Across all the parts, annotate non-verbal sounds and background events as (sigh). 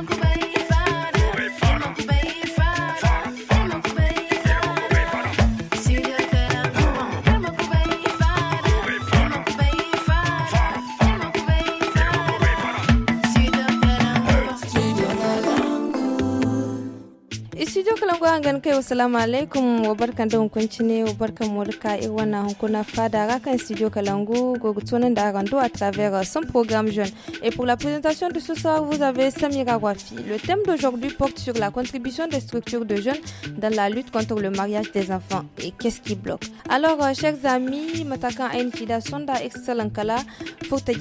Welcome back. aran gan kai assalamu alaikum wa barkan da hunkunci ne wa barkan mu i wannan fada ga kan studio kalangu go tonan da rando à travers son programme jeune et pour la présentation de ce soir vous avez Samira Wafi le thème d'aujourd'hui porte sur la contribution des structures de jeunes dans la lutte contre le mariage des enfants et qu'est-ce qui bloque alors euh, chers amis matakan ayin kida sonda excellent kala faut ta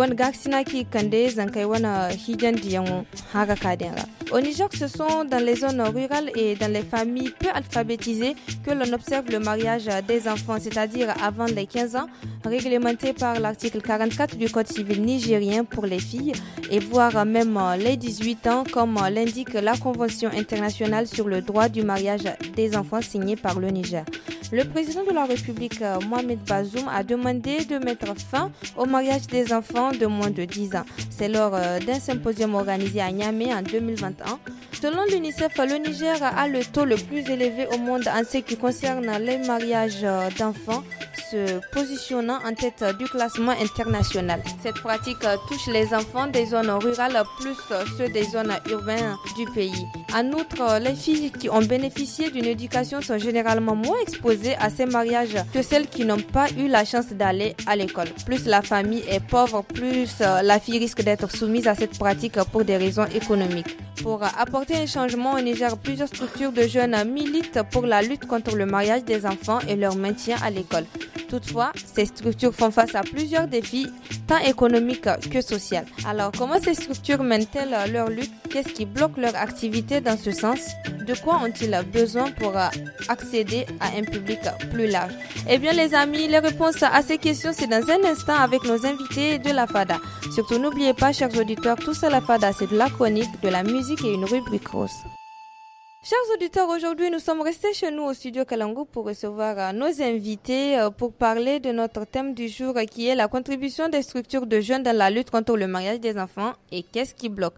wan gaksina ki kande zankai wana euh, hijan diyango haga kadenga au Niger ce sont dans les zones rurales et dans les familles peu alphabétisées que l'on observe le mariage des enfants, c'est-à-dire avant les 15 ans, réglementé par l'article 44 du Code civil nigérien pour les filles, et voire même les 18 ans, comme l'indique la Convention internationale sur le droit du mariage des enfants signée par le Niger. Le président de la République, Mohamed Bazoum, a demandé de mettre fin au mariage des enfants de moins de 10 ans. C'est lors euh, d'un symposium organisé à Niamey en 2021 Selon l'UNICEF, le Niger a le taux le plus élevé au monde en ce qui concerne les mariages euh, d'enfants, se positionnant en tête du classement international. Cette pratique euh, touche les enfants des zones rurales plus euh, ceux des zones urbaines du pays. En outre, les filles qui ont bénéficié d'une éducation sont généralement moins exposées à ces mariages que celles qui n'ont pas eu la chance d'aller à l'école. Plus la famille est pauvre, plus la fille risque d'être soumise à cette pratique pour des raisons économiques. Pour apporter un changement au Niger, plusieurs structures de jeunes militent pour la lutte contre le mariage des enfants et leur maintien à l'école. Toutefois, ces structures font face à plusieurs défis, tant économiques que sociaux. Alors, comment ces structures mènent-elles leur lutte Qu'est-ce qui bloque leur activité dans ce sens De quoi ont-ils besoin pour accéder à un public plus large Eh bien, les amis, les réponses à ces questions, c'est dans un instant avec nos invités de la FADA. Surtout, n'oubliez pas, chers auditeurs, tout ça, la FADA, c'est de la chronique, de la musique et une rubrique Chers auditeurs, aujourd'hui nous sommes restés chez nous au studio Kalangou pour recevoir euh, nos invités euh, pour parler de notre thème du jour euh, qui est la contribution des structures de jeunes dans la lutte contre le mariage des enfants et qu'est-ce qui bloque.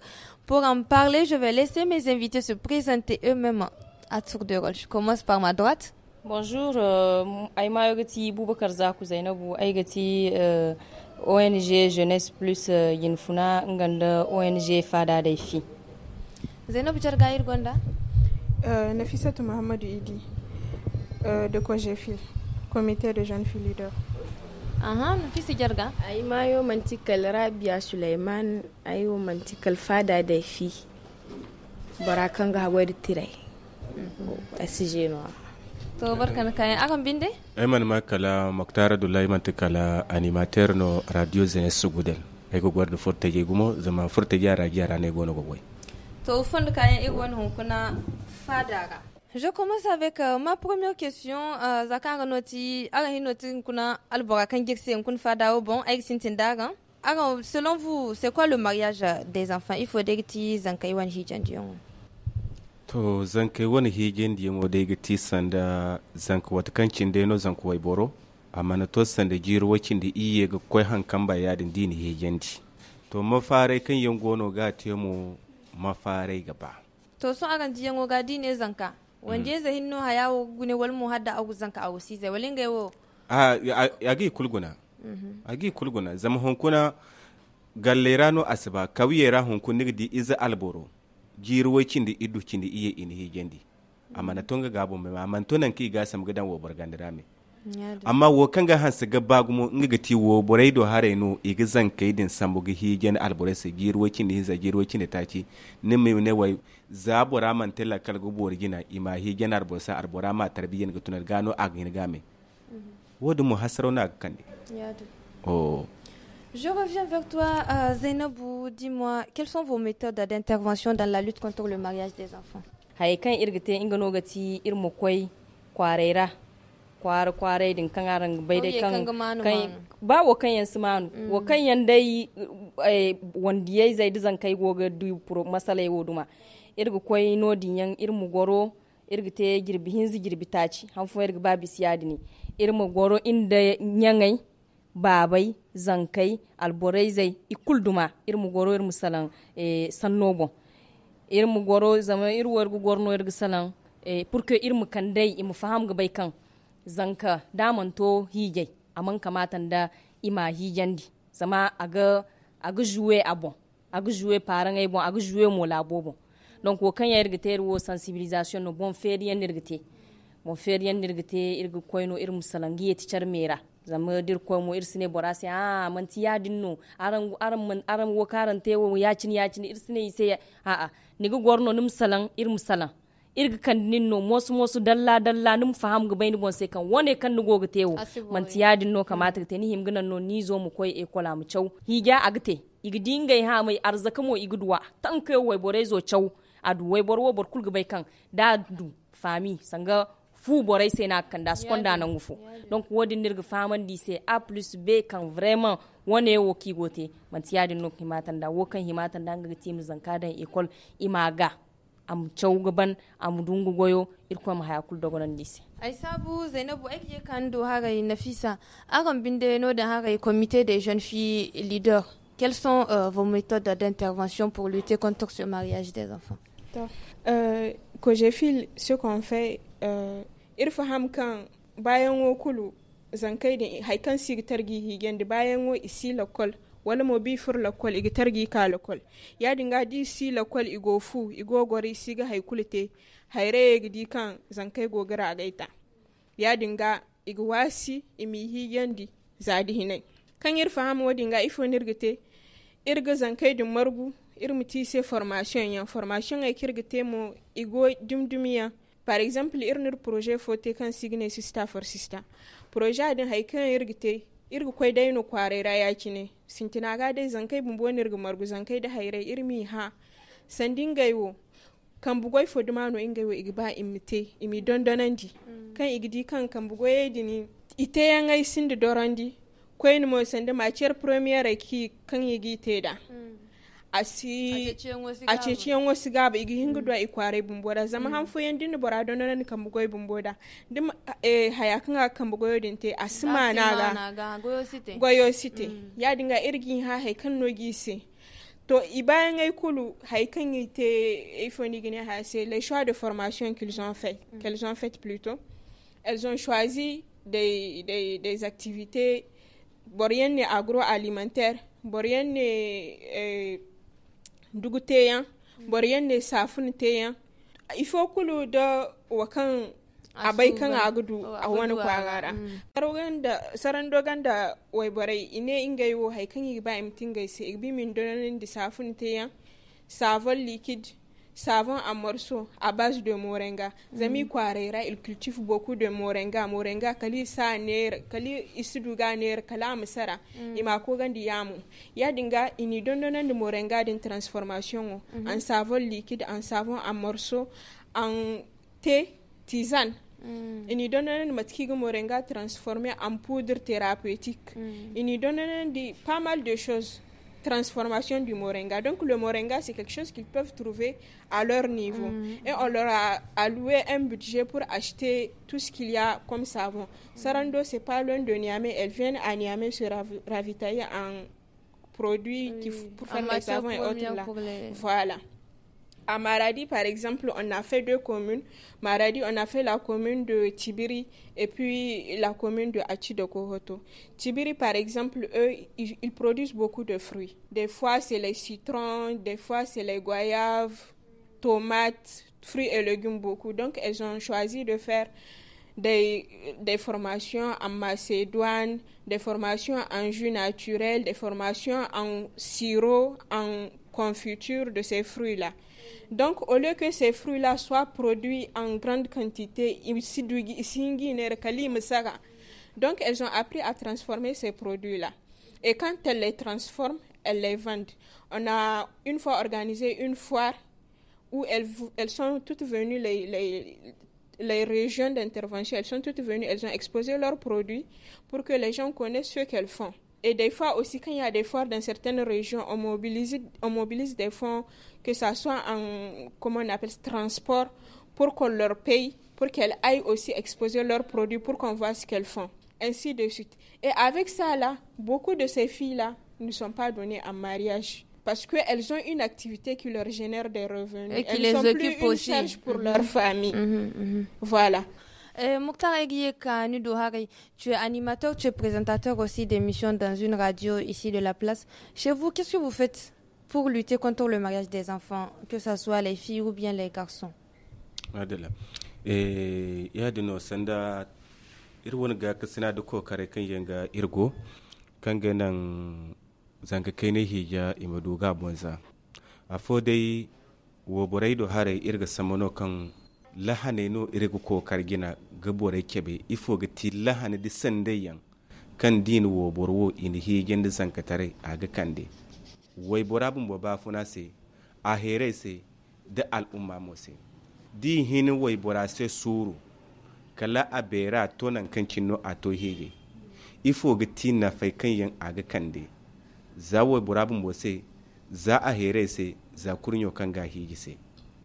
Pour en parler, je vais laisser mes invités se présenter eux-mêmes à tour de rôle. Je commence par ma droite. Bonjour, Aïma Ogati Boubakarza Aïgati ONG Jeunesse Plus Yinfuna, ONG Fada des filles. Zainab Jargaïr Gonda euh, Nafissatou Mohamedou Idi, euh, de COGEFIL, comité de jeunes filles leaders. Aha, Nafissa Jarga Ai mayo mantikal Rabia Sulaiman, ayo mantikal fada da fi. Barakan ga hagwai tirai. Mhm. To barkan kay akan binde? Ay man makala Maktara Dullai mantikala animateur no Radio Zenes Sugudel. Ai go guarda forte je gumo, zama forte je ara ne gono gogoi. E Je commence avec euh, ma première question. Euh, Zakara noti, ara hinoti kuna albora kan gexi kun fada au bon avec sintindara. Alors, selon vous, c'est quoi le mariage des enfants Il faut des que zankai wan hijan To zankai wan hijan diyon de gati sanda zanku watakan cinde no zanku wai Amana to sanda jiro wakin iye ga koi yadin dini hegendi. To mafare kan yangono ga temo mafarai gaba to sun kan jiyan woga di ne zanka Wanje ya mm. hinno ha yawo gune wal mu hadda agu zanka awu si zai walin gaiwo a agi kulguna mhm. agi kulguna zama hunkuna gallerano asiba kawiye ra hunkun di iza alboro jirwocin da idu cin da iya inihi gendi na tunga gabo mai ma tunan ki gasam gidan wo bargandira mai amma wo kan kanga hansa ga bagumo nga ti wo borai do hare no iga zan kai din sambu ga hijen alborai sa girwo kin ne za girwo kin ta ci ne mai ne wai za bora man tella kal go bor gina ima hijen alborai sa albora ma tarbiyan ga tunar gano a gina game mhm. wo mu hasaro na kan ne oh Je reviens vers toi, euh, Zainabou. Dis-moi, quelles sont vos méthodes d'intervention dans la lutte contre le mariage des enfants? kan irgite inganogati irmokwai kwarera kwara kwarai din kan aran bai dai kan ba wa kan yan sumanu wa mm. kan yan dai eh, wanda yayi zai dizan kai goga du pro masala yawo duma irgu koy no din yan irmu goro irgu te girbi hinzi girbi taci han fo irgu babi siyadi ne irmu goro inda nyangai babai zankai alborai zai ikul duma irmu goro irmu salan eh, sannobo irmu goro zama irwar gugorno irgu salan eh, pour irmu kan dai imu faham ga bai kan zanka daman to hige man kamatan da ima di zama aga aga jouer a bon aga jouer parent ay bon aga jouer mo labo bon donc wo kan ya irga te wo sensibilisation no bon fer yan irga te bon fer yan irga te irga koyno ir musalangi ya tichar mera zama dir ko mo ir sine borasi a ah, man ti ya dinno aran aran man aran wo karante wo yacin yacin ir sine ise a a niga gorno nim salan ir musalan irga kan nin no mosu mosu dalla dalla num faham ga bayni bon kan wone kan nugo ga tewo man tiyadin no kamata te ni him gnan no ni zo mu koy e kola mu chaw higa agte igi dinga ha mai arzaka mo igi duwa tan kai wai bore zo chaw adu wai bor wo bor kul ga bay kan da du fami sanga fu borai sai na kan da su da nan gufu donc wodi nirga faman di sai a plus b kan vraiment wane wo ki gote man tiyadin no himatan da wo kan himatan da ga tim zanka dan ikol e imaga am chaugaban am dungu goyo irko ma haya kul dogonan dise ai sabu zainabu ai je kan do hagai nafisa akan binde no da hagai comité des jeunes filles leader quelles sont euh, vos méthodes d'intervention pour lutter contre ce mariage des enfants euh, ko j'ai fait ce qu'on fait euh, il ham kan bayan wo kulu zankai da haikan sirtar gihigen de bayan wo isi lokol wala mo bi fur lakol igi targi ka lakol ya dinga di si lakol igo fu igo gori si ga haikulite haire ya gidi kan zankai gogara a gaita ya dinga igi wasi imi zadi hinai kan yir fahamu wa dinga ifo nirgite irga zankai margu irmiti se formation formation ai kirgite mo igo dumdumiya par exemple irnir projet fote kan signe sista for sista projet din kan irgite irgu kwai dai no raya yaki ne sintina ga dai zankai wani irgu margu zankai da hairai irmi ha sandin gaiwo kan bugoi fodumano gaiwo igba imite imi dondonandi mm. kan igidi kan kan bugoi edini ite yangai sindi dorandi kwai mo sanda ma cer premier ki kan yi teda mm. asi aceci yan wasu gaba igi hingu dwa ikwarai bumboda zama mm. han foyen dinu bora donona ni kambugoy bumboda dim eh, eh haya kanga kambugoy dinte asima naga goyo site goyo site mm. Eh, ya dinga irgin ha hay kan nogi se to ibayan ay kulu hay kan ite ifoni gine ha se les choix de formation qu'ils ont fait mm. qu'elles ont fait plutôt elles ont choisi des des des activités borienne agroalimentaire borienne eh, dugu teyan bari yande safin teyan ifo kulu da wakan abai kan agudu oh, a wani kwagara mm. saran dogan da wai barai ine inga yiwo haikan yi ba imtin gaise ibi min donanin da safin teyan savon likid savon à morceaux à base de moringa. Zami kwarera, il cultive beaucoup de moringa. Moringa kali sa ner, kali isuduga ner, kala amsara. Mm. Ima kogandi yamu. Yadinga, ini dondonan de moringa d'une transformation mm-hmm. en savon liquide, en savon à morceaux, en thé, tisane. Mm. ini donnanan moringa transformé en poudre thérapeutique mm. ini donnanan pas mal de choses transformation du moringa. Donc le moringa, c'est quelque chose qu'ils peuvent trouver à leur niveau. Mm. Et on leur a alloué un budget pour acheter tout ce qu'il y a comme savon. Mmh. Sarando, c'est pas loin de Niamey. Elles viennent à Niamey se ravitailler en produits qui, pour faire les savons et autres. Là. Voilà à Maradi, par exemple, on a fait deux communes. Maradi, on a fait la commune de Tibiri et puis la commune de Hachi de Kohoto. Tibiri, par exemple, eux, ils, produisent beaucoup de fruits. Des fois, c'est les citrons, des fois, c'est les goyaves, tomates, fruits et légumes beaucoup. Donc, elles ont choisi de faire des, des, formations en Macédoine, des formations en jus naturel, des formations en sirop, en confiture de ces fruits-là. Donc, au lieu que ces fruits-là soient produits en grande quantité, donc elles ont appris à transformer ces produits-là. Et quand elles les transforment, elles les vendent. On a une fois organisé une foire où elles, sont toutes venues, les régions d'intervention, elles sont toutes venues, elles ont exposé leurs produits pour que les gens connaissent ce qu'elles font. Et des fois aussi, quand il y a des foires dans certaines régions, on mobilise, on mobilise des fonds, que ce soit en, comment on appelle, transport, pour qu'on leur paye, pour qu'elles aillent aussi exposer leurs produits, pour qu'on voit ce qu'elles font, ainsi de suite. Et avec ça, là, beaucoup de ces filles-là ne sont pas données en mariage parce qu'elles ont une activité qui leur génère des revenus. Et qui elles les occupe plus une charge pour mm-hmm. leur famille. Mm-hmm, mm-hmm. Voilà. Euh, Mokhtar Dohari, tu es animateur, tu es présentateur aussi d'émissions dans une radio ici de la place. Chez vous, qu'est-ce que vous faites pour lutter contre le mariage des enfants, que ce soit les filles ou bien les garçons eh, de nos sanda irwon ga kasina da kokare kan irgo kan ganan zanga kai ne hija imaduga bonza wo irga lahane no irigu ko kargina gabore kebe ifo ga ti lahane di yan. kan din wo borwo in higen di sankatare aga kande wai borabun bo ba funa se a here se da al'umma mo se di hini wai bora se suru kala a bera tonan kan kinno a to hege ifo ga ti na fai kan yan aga kande za wai borabun bo se za a here se za kurnyo kan ga higi se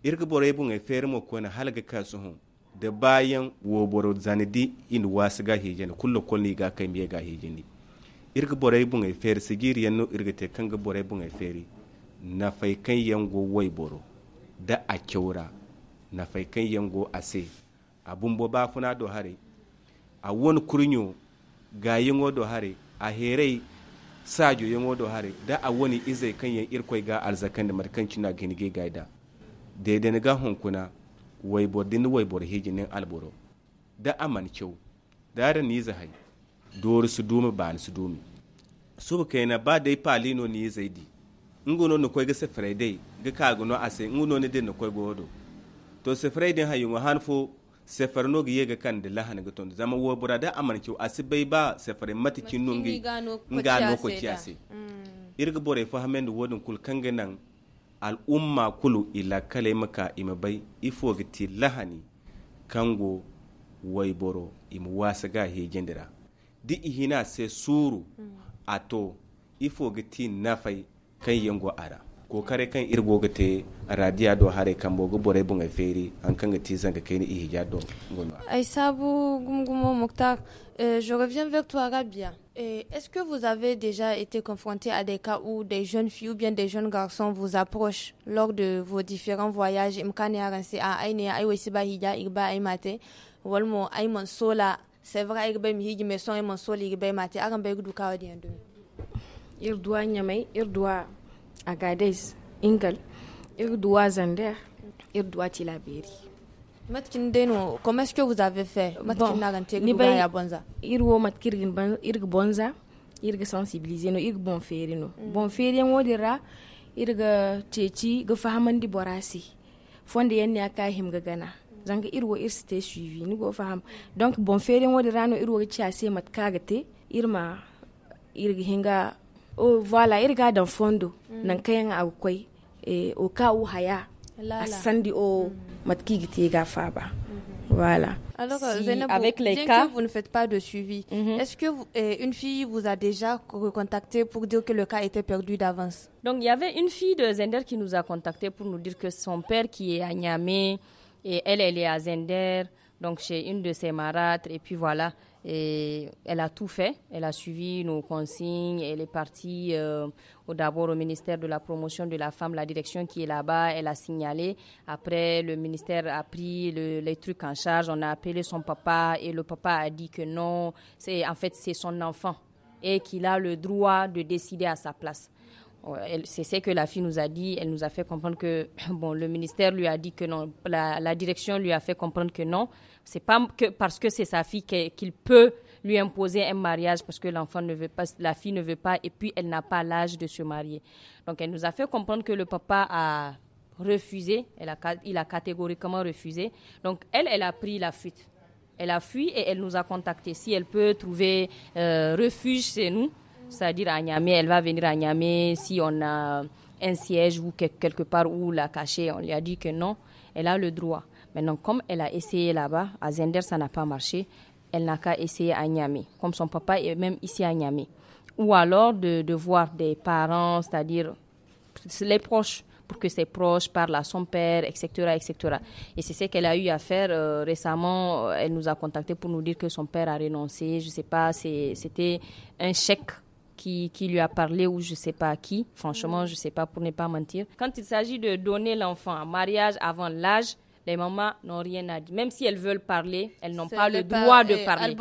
irga boro bun e fermo kona halga kasuhun da bayan woboro zanidi in wasu ga hijeni kullo kolni ga kai miye ga hijeni irga boro bun e fere sigiri yanno irga te kanga boro bun e fere na fai kan yango wai boro da a kyaura na fai kan yango a se abun bo ba funa do hare a wani kurnyo ga yango do hare a herai sajo yango do hare da a wani izai kan yan irkoi ga arzakan da markanci na gini gaida dede ga hunkuna waibor din waibor hijinin alboro da aman kyau da ni zahai dori su dumi ba su dumi su ka na ba dai palino ni zai di. no na ga se friday ga ka gono ase ngono ne din no koy godo to se friday hayu ma hanfo sefar no giye ga kan da lahan ga ton zama wo burada aman kyau bai ba sefar matikin nungi ngano ko kiyase irga bore fahamen wodin kul kanganan al'umma kulu ila kale maka ima bai ifo giti lahani kango waiboro ima wasa ga hegendira di ihina se suru ato ifo giti nafai kan yango ara ko kare kan irgo gote radiya do hare kan bogo bore bunga feri an kan gati zanga kai ni ihija do ai sabu gumgumo muktar eh, je reviens vers toi rabia Est-ce que vous avez déjà été confronté à des cas où des jeunes filles ou bien des jeunes garçons vous approchent lors de vos différents voyages ah, ah, C'est vrai que ben higi mais son mon sol du ir doit nyamay ir doit agadez ingal ir doit zander ir doit matkin comment est-ce que vous avez fait matkin bon. ni ya bonza irwo matkirgin ban bonza sensibiliser no bon fere no bon fere wodira irga ceci ga fahamandi borasi fonde yanni aka him gana zanga irwo ir suivi ni go faham donc bon fere wodira no irwo ci ase irma irga hinga oh, voilà irga fondo mm. nan e eh, o haya à mm-hmm. Faba. Mm-hmm. Voilà. Alors, avec les cas, vous ne faites pas de suivi. Mm-hmm. Est-ce que eh, une fille vous a déjà contacté pour dire que le cas était perdu d'avance Donc, il y avait une fille de Zender qui nous a contacté pour nous dire que son père qui est à Niamey et elle, elle est à Zender, donc chez une de ses marâtres. Et puis voilà, et elle a tout fait. Elle a suivi nos consignes. Elle est partie euh, d'abord au ministère de la promotion de la femme, la direction qui est là-bas. Elle a signalé. Après, le ministère a pris les trucs en charge. On a appelé son papa et le papa a dit que non, c'est en fait c'est son enfant et qu'il a le droit de décider à sa place c'est ce que la fille nous a dit. Elle nous a fait comprendre que, (coughs) bon, le ministère lui a dit que non, la, direction lui a fait comprendre que non. C'est pas que parce que c'est sa fille qu'il peut lui imposer un mariage parce que l'enfant ne veut pas, la fille ne veut pas et puis elle n'a pas l'âge de se marier. Donc elle nous a fait comprendre que le papa a refusé, elle il a catégoriquement refusé. Donc elle, elle a pris la fuite. Elle a fui et elle nous a contacté Si elle peut trouver euh, refuge, chez nous. C'est-à-dire à Niamey, elle va venir à Niamey si on a un siège ou quelque part où la cacher. On lui a dit que non, elle a le droit. Maintenant, comme elle a essayé là-bas, à Zender, ça n'a pas marché, elle n'a qu'à essayer à Niamey, comme son papa est même ici à Niamey. Ou alors de, voir des parents, c'est-à-dire les proches, pour que ses proches parlent à son père, etc. etc. Et c'est ce qu'elle a eu à faire euh, récemment. Elle nous a contacté pour nous dire que son père a renoncé. Je ne sais pas, c'était un chèque qui, lui a parlé ou je sais pas à qui. Franchement, je sais pas pour ne pas mentir. Quand il s'agit de donner l'enfant à mariage avant l'âge, les mamans n'ont rien à dire. Même si elles veulent parler, elles n'ont pas le droit de eh, parler.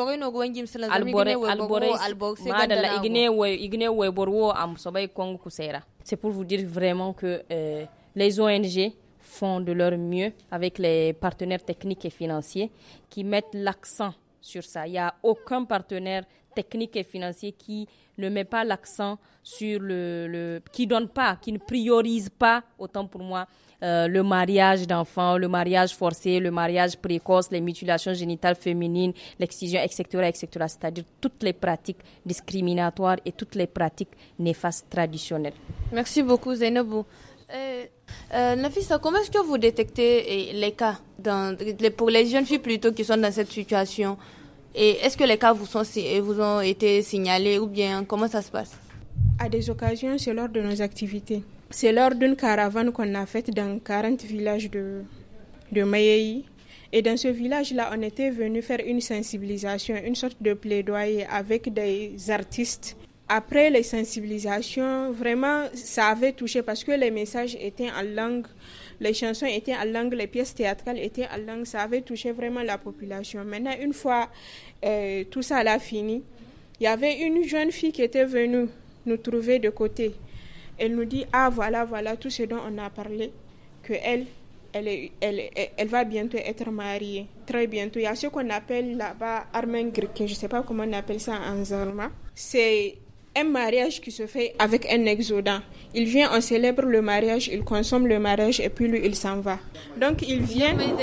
C'est pour vous dire vraiment que euh, les ONG font de leur mieux avec les partenaires techniques et financiers qui mettent l'accent sur ça. Il n'y a aucun partenaire technique et financier qui ne met pas l'accent sur le, qui donne pas, qui ne priorise pas, autant pour moi, euh, le mariage d'enfants, le mariage forcé, le mariage précoce, les mutilations génitales féminines, l'excision, etc., etc. C'est-à-dire toutes les pratiques discriminatoires et toutes les pratiques néfastes traditionnelles. Merci beaucoup, Zainabou. Euh, euh, Nafisa, comment est-ce que vous détectez les cas dans, pour les jeunes filles plutôt qui sont dans cette situation et est-ce que les cas vous, sont, euh, vous ont été signalés ou bien comment ça se passe À des occasions, c'est lors de nos activités. C'est lors d'une caravane qu'on a faite dans 40 villages de, de Et dans ce village-là, on était venu faire une sensibilisation, une sorte de plaidoyer avec des artistes. Après les sensibilisations, vraiment, ça avait touché parce que les messages étaient en langue les chansons étaient à langue, les pièces théâtrales étaient à langue, ça avait touché vraiment la population. Maintenant, une fois euh, tout ça là fini, il y avait une jeune fille qui était venue nous trouver de côté. Elle nous dit, ah voilà, voilà tout ce dont on a parlé, que elle, elle, elle, va bientôt être mariée, très bientôt. Il y a ce qu'on appelle là-bas Armen je ne sais pas comment on appelle ça en Zarma. C'est un mariage qui se fait avec un exodant. Il vient, on célèbre le mariage, il consomme le mariage et puis lui, il s'en va. Donc, il vient. on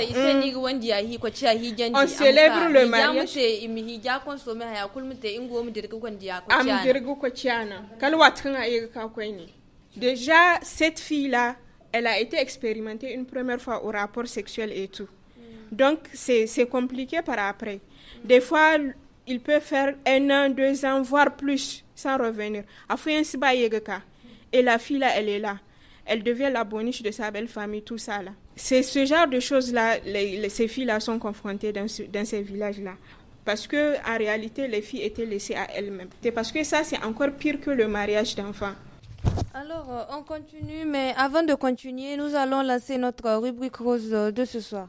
célèbre le mariage. Déjà, cette fille-là, elle a été expérimentée une première fois au rapport sexuel et tout. Donc, c'est compliqué par après. Des fois, il peut faire un an, deux ans, voire plus, sans revenir. Et la fille, là, elle est là. Elle devient la boniche de sa belle famille, tout ça, là. C'est ce genre de choses-là, ces filles-là sont confrontées dans, ces villages-là. Parce que, en réalité, les filles étaient laissées à elles-mêmes. C'est parce que ça, c'est encore pire que le mariage d'enfants. Alors, euh, on continue, mais avant de continuer, nous allons lancer notre rubrique rose de ce soir.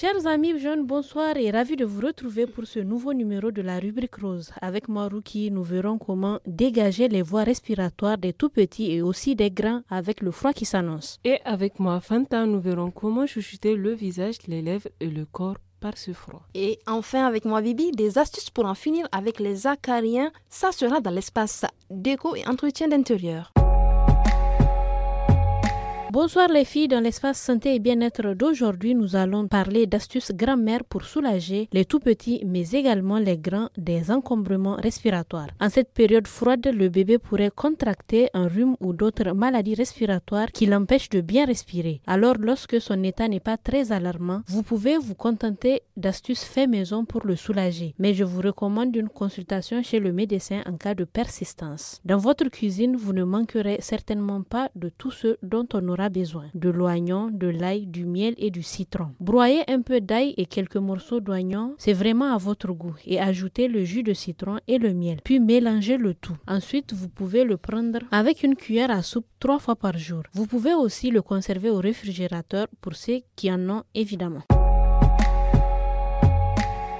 Chers amis jeunes, bonsoir et ravi de vous retrouver pour ce nouveau numéro de la rubrique rose. Avec moi, Ruki, nous verrons comment dégager les voies respiratoires des tout petits et aussi des grands avec le froid qui s'annonce. Et avec moi, Fanta, nous verrons comment chuchoter le visage, les lèvres et le corps par ce froid. Et enfin, avec moi, Bibi, des astuces pour en finir avec les acariens. Ça sera dans l'espace déco et entretien d'intérieur. Bonsoir les filles, dans l'espace santé et bien-être d'aujourd'hui, nous allons parler d'astuces grand-mère pour soulager les tout-petits mais également les grands des encombrements respiratoires. En cette période froide, le bébé pourrait contracter un rhume ou d'autres maladies respiratoires qui l'empêchent de bien respirer. Alors lorsque son état n'est pas très alarmant, vous pouvez vous contenter d'astuces fait maison pour le soulager, mais je vous recommande une consultation chez le médecin en cas de persistance. Dans votre cuisine, vous ne manquerez certainement pas de tout ce dont on aura besoin. De l'oignon, de l'ail, du miel et du citron. Broyez un peu d'ail et quelques morceaux d'oignon, c'est vraiment à votre goût, et ajoutez le jus de citron et le miel, puis mélangez le tout. Ensuite, vous pouvez le prendre avec une cuillère à soupe trois fois par jour. Vous pouvez aussi le conserver au réfrigérateur pour ceux qui en ont évidemment.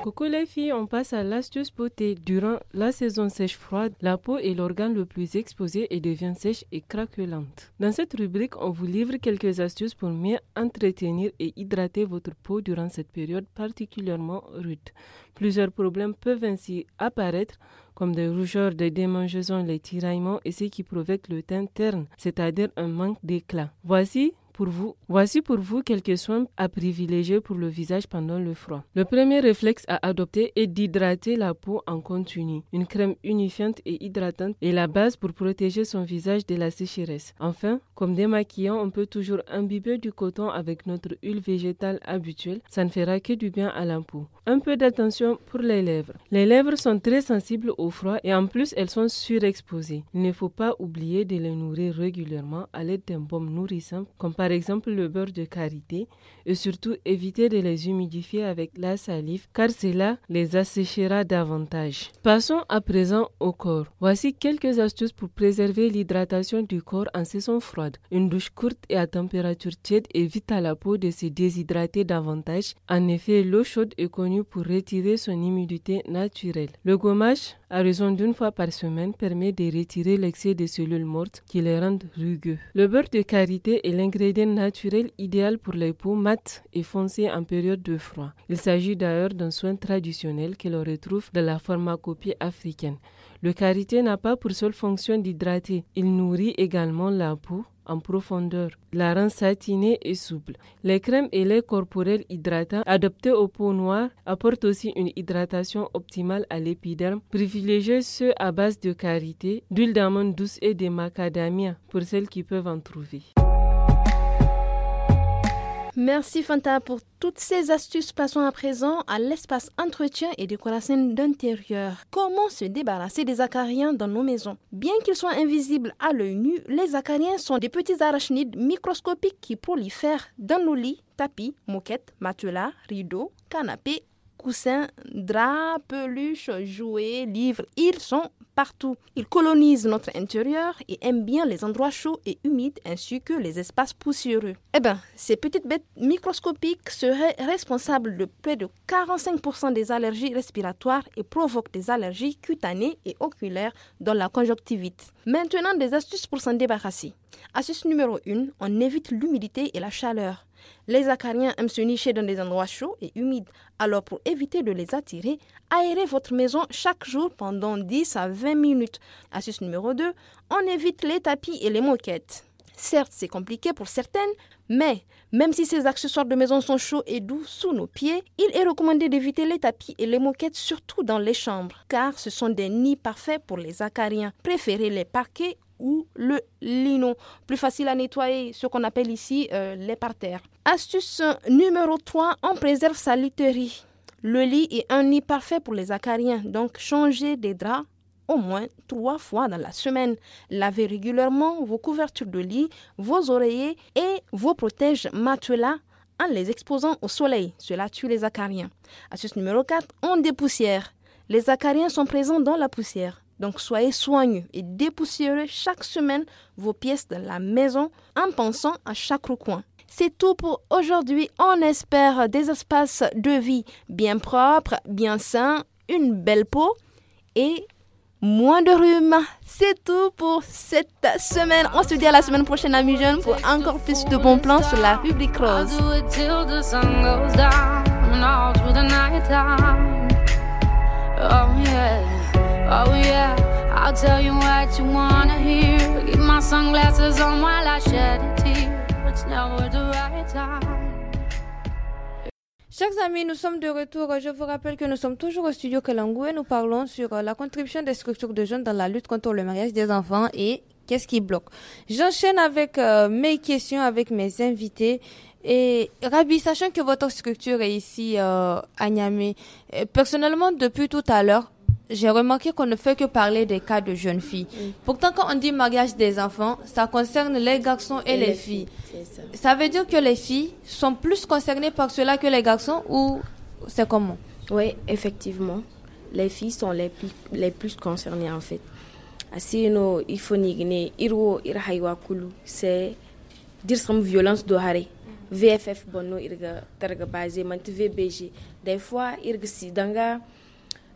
Coucou les filles, on passe à l'astuce beauté. Durant la saison sèche-froide, la peau est l'organe le plus exposé et devient sèche et craquelante. Dans cette rubrique, on vous livre quelques astuces pour mieux entretenir et hydrater votre peau durant cette période particulièrement rude. Plusieurs problèmes peuvent ainsi apparaître comme des rougeurs, des démangeaisons, les tiraillements et ce qui provoque le teint terne, c'est-à-dire un manque d'éclat. Voici vous. Voici pour vous quelques soins à privilégier pour le visage pendant le froid. Le premier réflexe à adopter est d'hydrater la peau en continu. Une crème unifiante et hydratante est la base pour protéger son visage de la sécheresse. Enfin, comme démaquillant, on peut toujours imbiber du coton avec notre huile végétale habituelle. Ça ne fera que du bien à la peau. Un peu d'attention pour les lèvres. Les lèvres sont très sensibles au froid et en plus elles sont surexposées. Il ne faut pas oublier de les nourrir régulièrement à l'aide d'un baume nourrissant comme par exemple le beurre de karité, et surtout éviter de les humidifier avec la salive car cela les asséchera davantage. Passons à présent au corps. Voici quelques astuces pour préserver l'hydratation du corps en saison froide. Une douche courte et à température tiède évite à la peau de se déshydrater davantage. En effet, l'eau chaude est connue pour retirer son humidité naturelle. Le gommage à raison d'une fois par semaine permet de retirer l'excès de cellules mortes qui les rendent rugueux. Le beurre de karité est l'ingrédient naturel idéal pour les peaux mates et foncées en période de froid. Il s'agit d'ailleurs d'un soin traditionnel que l'on retrouve dans la pharmacopée africaine. Le karité n'a pas pour seule fonction d'hydrater, il nourrit également la peau en profondeur. La rend satinée et souple. Les crèmes et les corporels hydratants adaptés aux peaux noires apportent aussi une hydratation optimale à l'épiderme. Privilégiez ceux à base de karité, d'huile d'amande douce et de macadamia pour celles qui peuvent en trouver. Merci Fanta pour toutes ces astuces. Passons à présent à l'espace entretien et décoration d'intérieur. Comment se débarrasser des acariens dans nos maisons Bien qu'ils soient invisibles à l'œil nu, les acariens sont des petits arachnides microscopiques qui prolifèrent dans nos lits, tapis, moquettes, matelas, rideaux, canapés coussins, draps, peluches, jouets, livres, ils sont partout. Ils colonisent notre intérieur et aiment bien les endroits chauds et humides ainsi que les espaces poussiéreux. Eh bien, ces petites bêtes microscopiques seraient responsables de près de 45% des allergies respiratoires et provoquent des allergies cutanées et oculaires dans la conjonctivite. Maintenant, des astuces pour s'en débarrasser. Astuce numéro 1, on évite l'humidité et la chaleur. Les acariens aiment se nicher dans des endroits chauds et humides. Alors pour éviter de les attirer, aérez votre maison chaque jour pendant 10 à 20 minutes. Astuce numéro 2, on évite les tapis et les moquettes. Certes, c'est compliqué pour certaines, mais même si ces accessoires de maison sont chauds et doux sous nos pieds, il est recommandé d'éviter les tapis et les moquettes, surtout dans les chambres, car ce sont des nids parfaits pour les acariens. Préférez les parquets ou le lino. Plus facile à nettoyer, ce qu'on appelle ici euh, les parterres. Astuce numéro 3, on préserve sa literie. Le lit est un nid parfait pour les acariens, donc changez des draps au moins trois fois dans la semaine. Lavez régulièrement vos couvertures de lit, vos oreillers et vos protèges matelas en les exposant au soleil. Cela tue les acariens. Astuce numéro 4, on dépoussière. Les acariens sont présents dans la poussière. Donc soyez soigneux et dépoussiérez chaque semaine vos pièces de la maison en pensant à chaque coin. C'est tout pour aujourd'hui. On espère des espaces de vie bien propres, bien sains, une belle peau et moins de rhume. C'est tout pour cette semaine. On se dit à la semaine prochaine, amis jeunes, pour encore plus de bons plans sur la public rose. Oh yeah, I'll tell you what you wanna hear. Keep my sunglasses on while I shed a tear. It's never the right time. Chers amis, nous sommes de retour. Je vous rappelle que nous sommes toujours au studio Kalangué. nous parlons sur euh, la contribution des structures de jeunes dans la lutte contre le mariage des enfants et qu'est-ce qui bloque. J'enchaîne avec euh, mes questions avec mes invités. Et Rabi, sachant que votre structure est ici euh, à Niamey, personnellement, depuis tout à l'heure, j'ai remarqué qu'on ne fait que parler des cas de jeunes filles. Mm. Pourtant, quand on dit mariage des enfants, ça concerne les garçons et, les, filles. Ça. veut dire que les filles sont plus concernées par cela que les garçons ou c'est comment Oui, effectivement. Les filles sont les plus, les plus concernées en fait. Asino, Ifonigne, Iro, Irhaiwakulu, c'est dire comme violence dohare. VFF, Bono, Irga, Targa Bazé, VBG. Des fois, Irga Sidanga.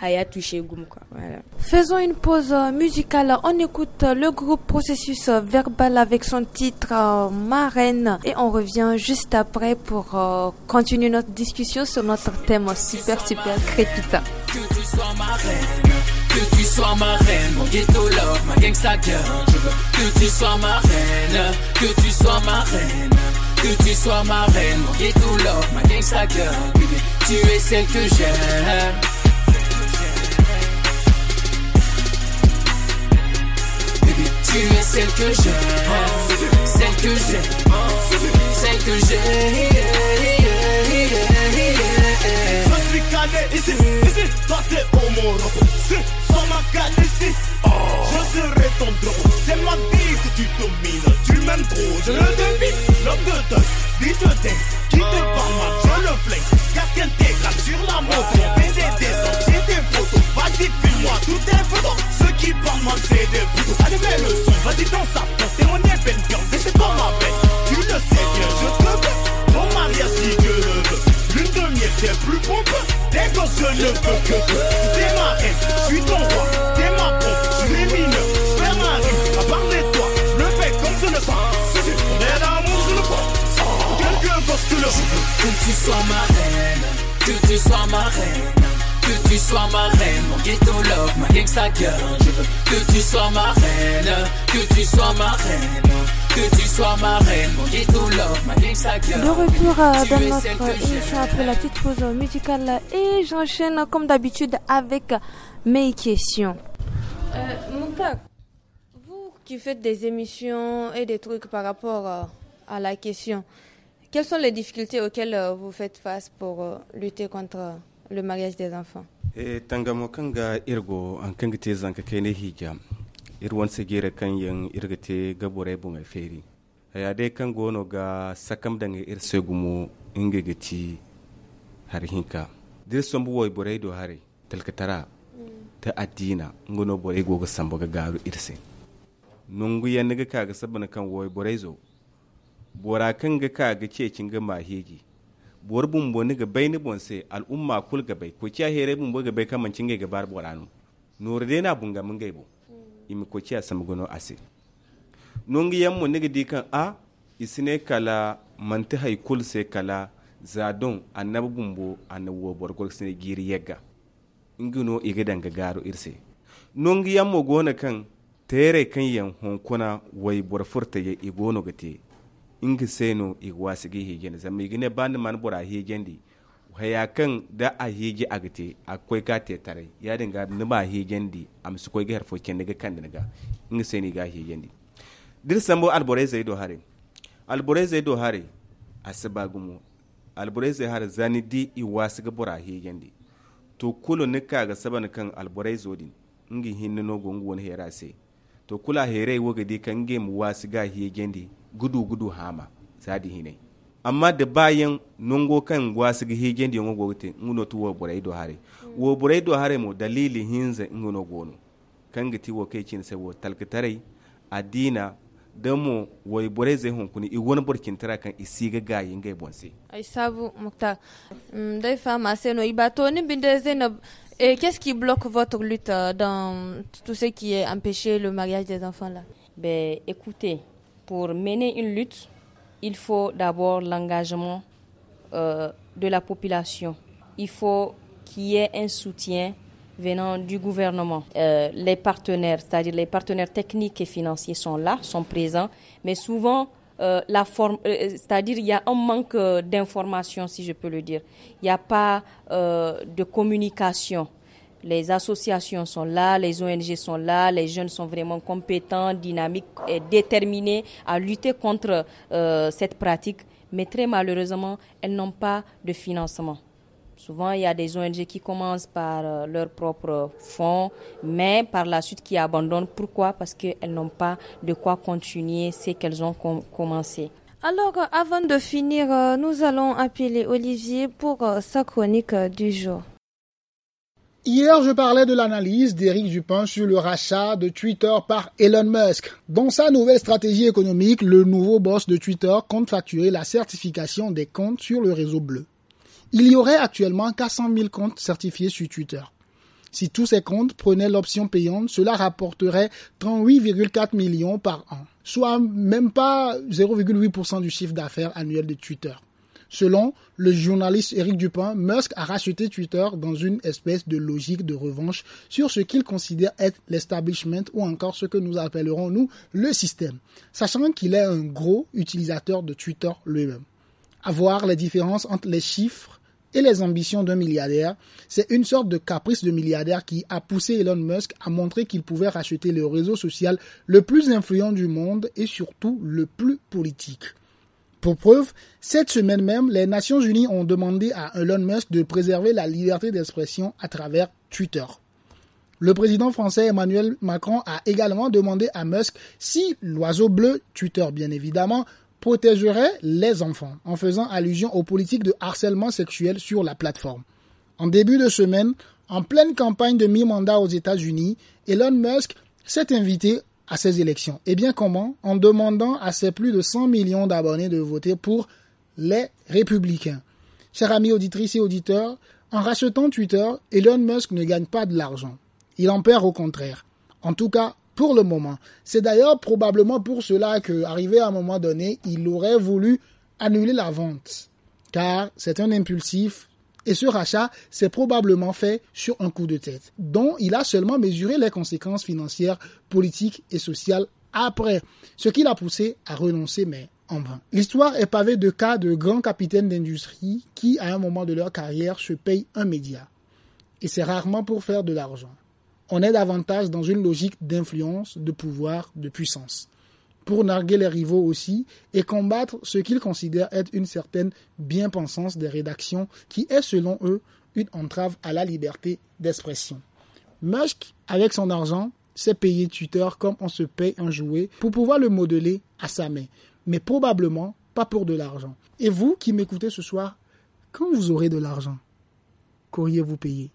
Hayatou Faisons une pause euh, musicale. On écoute euh, le groupe Processus euh, Verbal avec son titre Marraine et on revient juste après pour continuer notre discussion sur notre thème super super crépite Que tu sois ma reine, que tu sois ma reine, mon ghetto love, ma gangsta girl. que tu sois ma reine, que tu sois ma reine. Que tu sois ma reine, mon ghetto love, ma gangsta girl. Tu es celle que j'aime. Tu es celle que j'ai, celle que j'ai, celle que j'ai. Je suis calé ici, ici, toi t'es au mon Sans ma oh. je serai ton drone. C'est ma vie que tu domines, tu m'aimes trop, je le devine. L'homme de mal, je le flingue. Casque sur la moto. Fais des c'est des photos. Vas-y, fais moi tout est photos Ceux qui parlent mal, c'est des Allez, mets le son, vas-y dans sa porte. Et on est bien, mais c'est pas ma Tu le sais bien, je te veux. Mon mariage, si je le veux. L'une de mes, plus pompe. dès gosses, je ne veux que tu sois ma reine, que tu sois ma reine, que tu sois ma reine, mon ghetto love, ma gangsta girl, que tu sois ma reine, que tu sois ma reine. Que tu sois ma reine, mon ghetto love, ma gangsta girl. De retour euh, dans notre émission après la petite pause musicale et j'enchaîne comme d'habitude avec mes questions. Euh, vous qui faites des émissions et des trucs par rapport euh, à la question, quelles sont les difficultés auxquelles euh, vous faites face pour euh, lutter contre euh, le mariage des enfants eh, tangamokanga irgo an kangite zanka kaine hija irwan sigire kan yan irgate gabore bu mai feri ya dai kan gono ga sakam danga ir segumo ingegati har hinka dir sombu woy bore do hare talkatara mm. ta adina ngono bore gogo ga sambo irse nungu yan kaga sabana kan woy zo bora kan ga ka ga ce kin ga mahegi bor bun ni ga ni bonse al'umma kul ga bai ko kiya here bun bo ga bai kaman cin ga bar boranu nore de na bunga mun gaibo mm. imi ko kiya sam gono ase nungi ni ga di dikan a isine kala manti hay kul se kala zadon annabi bumbo annabi wo borgol sine giri Nguno ingino iga danga garo irse nungi yam mo gona kan tere kan yan hunkuna wai furta ya igono gate inga seno igwa sigi higen zama igine bani man bora higen di haya kan da a hige a gite akwai ka te tare ya dinga nima higen di am su koi gar foken daga kan daga inga seni ga higen di dir sambo alborai zai do hare alborai zai do hare asiba gumu alborai zai har zani di iwa siga bora higen di to kulo ka ga saban kan alborai zodin ingi hinno gongu wani hera sai to kula herai woga di kan game wasu ga higen di gudu gudu hama sadi hinai amma da bayan nungo kan gwasi gi higen di yongo gote nguno tuwo borai do hare wo borai do hare mo dalili hinza nguno gono kan giti wo kai cin sai wo talkitarai adina da mu wai borai zai hun kuni iwon burkin tara kan isi ga gayin gai bonse ai sabu mukta mm, dai fa ma sai no ibato ni binde zainab et eh, qu'est-ce qui bloque votre lutte euh, dans tout ce qui est empêcher le mariage des enfants là ben écoutez pour mener une lutte, il faut d'abord l'engagement euh, de la population. Il faut qu'il y ait un soutien venant du gouvernement. Euh, les partenaires, c'est-à-dire les partenaires techniques et financiers sont là, sont présents, mais souvent, euh, la forme, c'est-à-dire il y a un manque d'information, si je peux le dire. Il n'y a pas de communication. Les associations sont là, les ONG sont là, les jeunes sont vraiment compétents, dynamiques et déterminés à lutter contre euh, cette pratique. Mais très malheureusement, elles n'ont pas de financement. Souvent, il y a des ONG qui commencent par euh, leurs propres fonds, mais par la suite qui abandonnent. Pourquoi Parce qu'elles n'ont pas de quoi continuer ce qu'elles ont commencé. Alors, euh, avant de finir, nous allons appeler Olivier pour sa chronique du jour. Hier, je parlais de l'analyse d'Éric Dupin sur le rachat de Twitter par Elon Musk. Dans sa nouvelle stratégie économique, le nouveau boss de Twitter compte facturer la certification des comptes sur le réseau bleu. Il y aurait actuellement 400 000 comptes certifiés sur Twitter. Si tous ces comptes prenaient l'option payante, cela rapporterait 38,4 millions par an, soit même pas 0,8% du chiffre d'affaires annuel de Twitter. Selon le journaliste Eric Dupin, Musk a racheté Twitter dans une espèce de logique de revanche sur ce qu'il considère être l'establishment ou encore ce que nous appellerons, nous, le système, sachant qu'il est un gros utilisateur de Twitter lui-même. Avoir les différences entre les chiffres et les ambitions d'un milliardaire, c'est une sorte de caprice de milliardaire qui a poussé Elon Musk à montrer qu'il pouvait racheter le réseau social le plus influent du monde et surtout le plus politique. Pour preuve, cette semaine même, les Nations Unies ont demandé à Elon Musk de préserver la liberté d'expression à travers Twitter. Le président français Emmanuel Macron a également demandé à Musk si l'oiseau bleu, Twitter bien évidemment, protégerait les enfants, en faisant allusion aux politiques de harcèlement sexuel sur la plateforme. En début de semaine, en pleine campagne de mi-mandat aux États-Unis, Elon Musk s'est invité à ces élections Et eh bien comment En demandant à ses plus de 100 millions d'abonnés de voter pour les républicains. Chers amis auditrices et auditeurs, en rachetant Twitter, Elon Musk ne gagne pas de l'argent. Il en perd au contraire. En tout cas, pour le moment. C'est d'ailleurs probablement pour cela que, arrivé à un moment donné, il aurait voulu annuler la vente. Car c'est un impulsif, et ce rachat s'est probablement fait sur un coup de tête, dont il a seulement mesuré les conséquences financières, politiques et sociales après, ce qui l'a poussé à renoncer, mais en vain. L'histoire est pavée de cas de grands capitaines d'industrie qui, à un moment de leur carrière, se payent un média. Et c'est rarement pour faire de l'argent. On est davantage dans une logique d'influence, de pouvoir, de puissance pour narguer les rivaux aussi et combattre ce qu'ils considèrent être une certaine bien-pensance des rédactions qui est selon eux une entrave à la liberté d'expression. Musk, avec son argent, s'est payé tuteur comme on se paye un jouet pour pouvoir le modeler à sa main, mais probablement pas pour de l'argent. Et vous qui m'écoutez ce soir, quand vous aurez de l'argent, qu'auriez-vous payé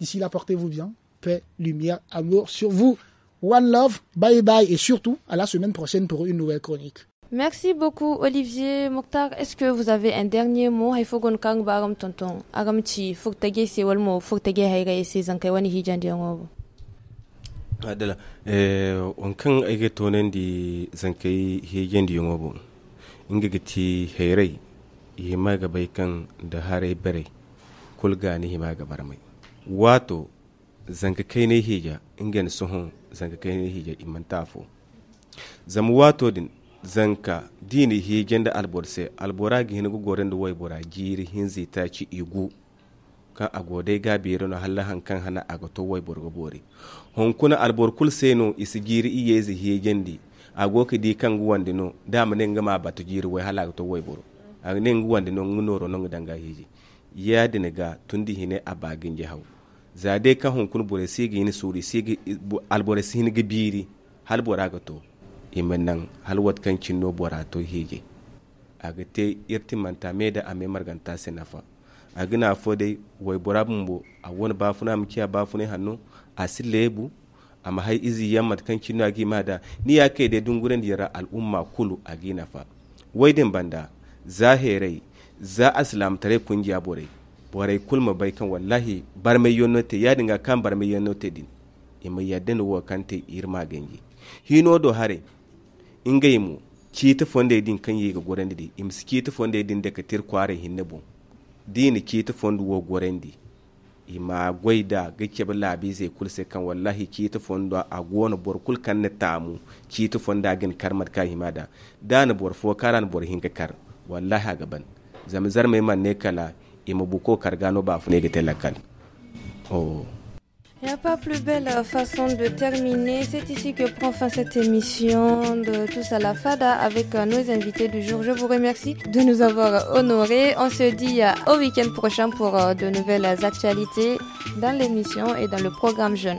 D'ici là, portez-vous bien. Paix, lumière, amour sur vous. One love, bye bye et surtout à la semaine prochaine pour une nouvelle chronique. Merci beaucoup Olivier Mokhtar. Est-ce que vous avez un dernier mot Haifogon kang baram tonton. Agamchi fogtage se walmo fogtage haiga ese zankai wani hijandi ngobo. Adala ah, eh onkan ege tonen di zankai hijandi ngobo. Inga giti heirei hima ga baikan da hare bere. kulga ni hima ga barmai. Wato zanga kai ne hija ingen suhun zanga kai ne hija iman tafo zam wato din zanka dini higen da alborse albora gi hingu goren da wai bora jiri hinzi ta ci igu ka agode ga biyar no halla kan hana agato wai borgo bore honkuna albor kul seno isi jiri iye zi higen di agoki di kan guwande dino dama ne ngama batu jiri wai hala agato wai boro ne guwan dino ngunoro no danga hiji ya diniga tundi hine a bagin jihau zade ka kun bore sigi ni suri sigi albore sin gibiri hal bora ga to imin nan hal wat kan no bora to hege aga te irti manta me da ame marganta se nafa aga na fo dai wai bora bumbo a wani bafuna ba bafune hannu a silebu amma hai izi yamma kan no agi ma da ni ya kai dai dungurin yara al'umma kulu agi nafa wai din banda zahirai za aslam tare kungiya borai borai kulma bai kan wallahi barmai yonote ya dinga kan barmai yonote din ima yadda na wa kante irma gangi hino do hare inga yimu fonde din kan yi ga gorende di imsi kita fonde din daga tir kware hinne bon dini kita fondu wo ma ima da ga kebe labi zai kulse kan wallahi kita fondu a gona bor kul kan ne tamu kita fonda gin karmat ka himada dana bor fo karan bor hinka kar wallahi a gaban zamzar mai man ne kala Bah, oh. Il n'y a pas plus belle façon de terminer. C'est ici que prend fin cette émission de Tous à la Fada avec nos invités du jour. Je vous remercie de nous avoir honorés. On se dit au week-end prochain pour de nouvelles actualités dans l'émission et dans le programme Jeune.